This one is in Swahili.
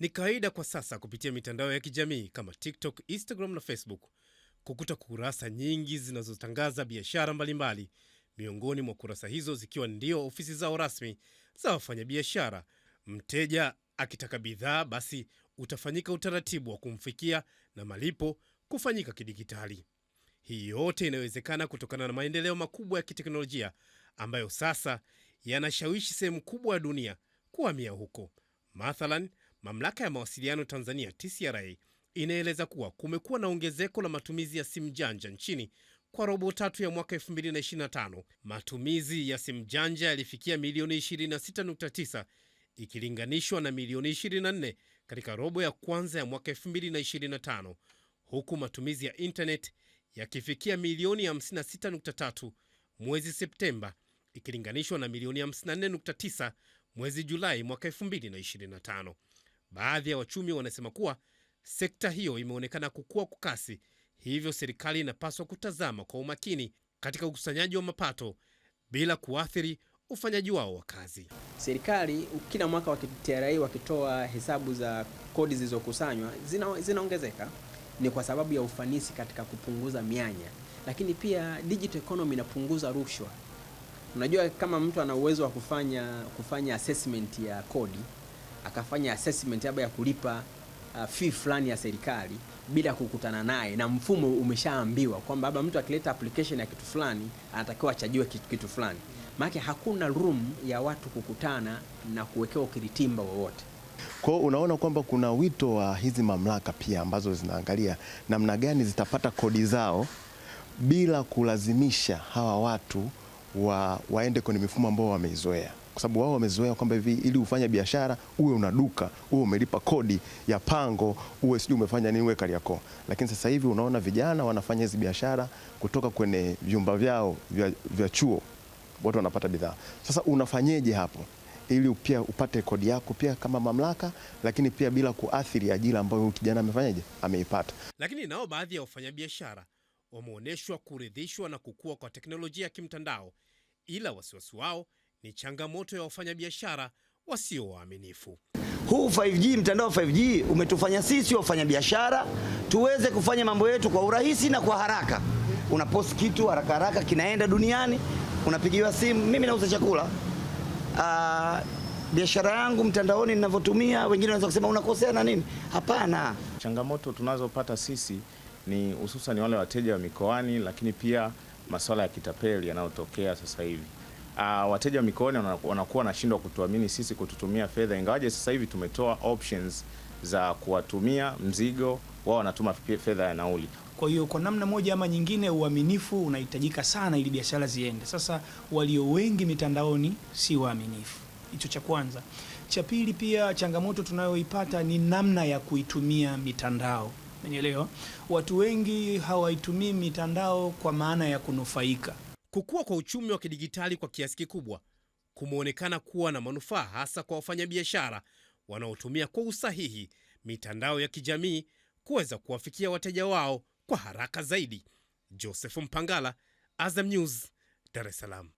Ni kawaida kwa sasa kupitia mitandao ya kijamii kama TikTok, Instagram na Facebook kukuta kurasa nyingi zinazotangaza biashara mbalimbali, miongoni mwa kurasa hizo zikiwa ndio ofisi zao rasmi za wafanyabiashara. Mteja akitaka bidhaa, basi utafanyika utaratibu wa kumfikia na malipo kufanyika kidigitali. Hii yote inawezekana kutokana na maendeleo makubwa ya kiteknolojia ambayo sasa yanashawishi sehemu kubwa ya dunia kuhamia huko. Mathalan, Mamlaka ya mawasiliano Tanzania TCRA inaeleza kuwa kumekuwa na ongezeko la matumizi ya simu janja nchini. Kwa robo tatu ya mwaka 2025 matumizi ya simu janja yalifikia milioni 26.9 ikilinganishwa na milioni 24 katika robo ya kwanza ya mwaka 2025, huku matumizi ya intaneti yakifikia milioni 56.3 mwezi Septemba ikilinganishwa na milioni 54.9 mwezi Julai mwaka 2025. Baadhi ya wachumi wanasema kuwa sekta hiyo imeonekana kukua kwa kasi, hivyo serikali inapaswa kutazama kwa umakini katika ukusanyaji wa mapato bila kuathiri ufanyaji wao wa kazi. Serikali kila mwaka wakitrai wakitoa hesabu za kodi zilizokusanywa zinaongezeka, zina ni kwa sababu ya ufanisi katika kupunguza mianya, lakini pia digital economy inapunguza rushwa. Unajua, kama mtu ana uwezo wa kufanya, kufanya assessment ya kodi akafanya assessment labda ya kulipa uh, fee fulani ya serikali bila kukutana naye, na mfumo umeshaambiwa kwamba labda mtu akileta application ya kitu fulani anatakiwa achajiwe kitu, kitu fulani. Maana hakuna room ya watu kukutana na kuwekewa ukiritimba wowote. Kwa hiyo unaona kwamba kuna wito wa hizi mamlaka pia ambazo zinaangalia namna gani zitapata kodi zao bila kulazimisha hawa watu wa, waende kwenye mifumo ambao wameizoea kwa sababu wao wamezoea kwamba hivi ili ufanye biashara uwe una duka uwe umelipa kodi ya pango uwe sijui umefanya nini uwe Kariakoo. Lakini sasa hivi unaona vijana wanafanya hizi biashara kutoka kwenye vyumba vyao vya, vya chuo, watu wanapata bidhaa. Sasa unafanyeje hapo ili pia upate kodi yako pia kama mamlaka, lakini pia bila kuathiri ajira ambayo kijana amefanyaje ameipata. Lakini nao baadhi ya wafanyabiashara wameonyeshwa kuridhishwa na kukua kwa teknolojia ya kimtandao, ila wasiwasi wao ni changamoto ya wafanyabiashara wasio waaminifu. Huu 5G mtandao wa 5G umetufanya sisi wafanyabiashara tuweze kufanya mambo yetu kwa urahisi na kwa haraka. Unapost kitu haraka haraka, kinaenda duniani, unapigiwa simu. Mimi nauza chakula uh, biashara yangu mtandaoni ninavyotumia. Wengine wanaweza kusema unakosea na nini? Hapana, changamoto tunazopata sisi ni hususan wale wateja wa mikoani, lakini pia masuala ya kitapeli yanayotokea sasa hivi uh, wateja mikoani wanakuwa wanashindwa kutuamini sisi kututumia fedha, ingawaje sasa hivi tumetoa options za kuwatumia mzigo wao, wanatuma fedha ya nauli. Kwa hiyo kwa namna moja ama nyingine, uaminifu unahitajika sana ili biashara ziende. Sasa walio wengi mitandaoni si waaminifu, hicho cha kwanza. Cha pili, pia changamoto tunayoipata ni namna ya kuitumia mitandao. Umeelewa? Watu wengi hawaitumii mitandao kwa maana ya kunufaika Kukua kwa uchumi wa kidigitali kwa kiasi kikubwa kumeonekana kuwa na manufaa hasa kwa wafanyabiashara wanaotumia kwa usahihi mitandao ya kijamii kuweza kuwafikia wateja wao kwa haraka zaidi. Joseph Mpangala, Azam News, Dar es Salaam.